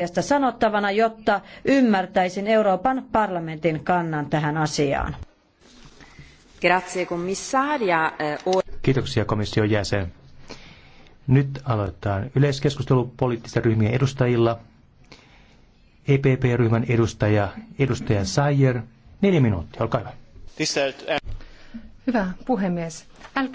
asiasta sanottavana, jotta ymmärtäisin Euroopan parlamentin kannan tähän asiaan. Eh, Kiitoksia komission jäsen. Nyt aloitetaan yleiskeskustelu poliittisten ryhmien edustajilla. EPP-ryhmän edustaja, edustaja Sayer, neljä minuuttia, olkaa hyvä. Hyvä puhemies, älkää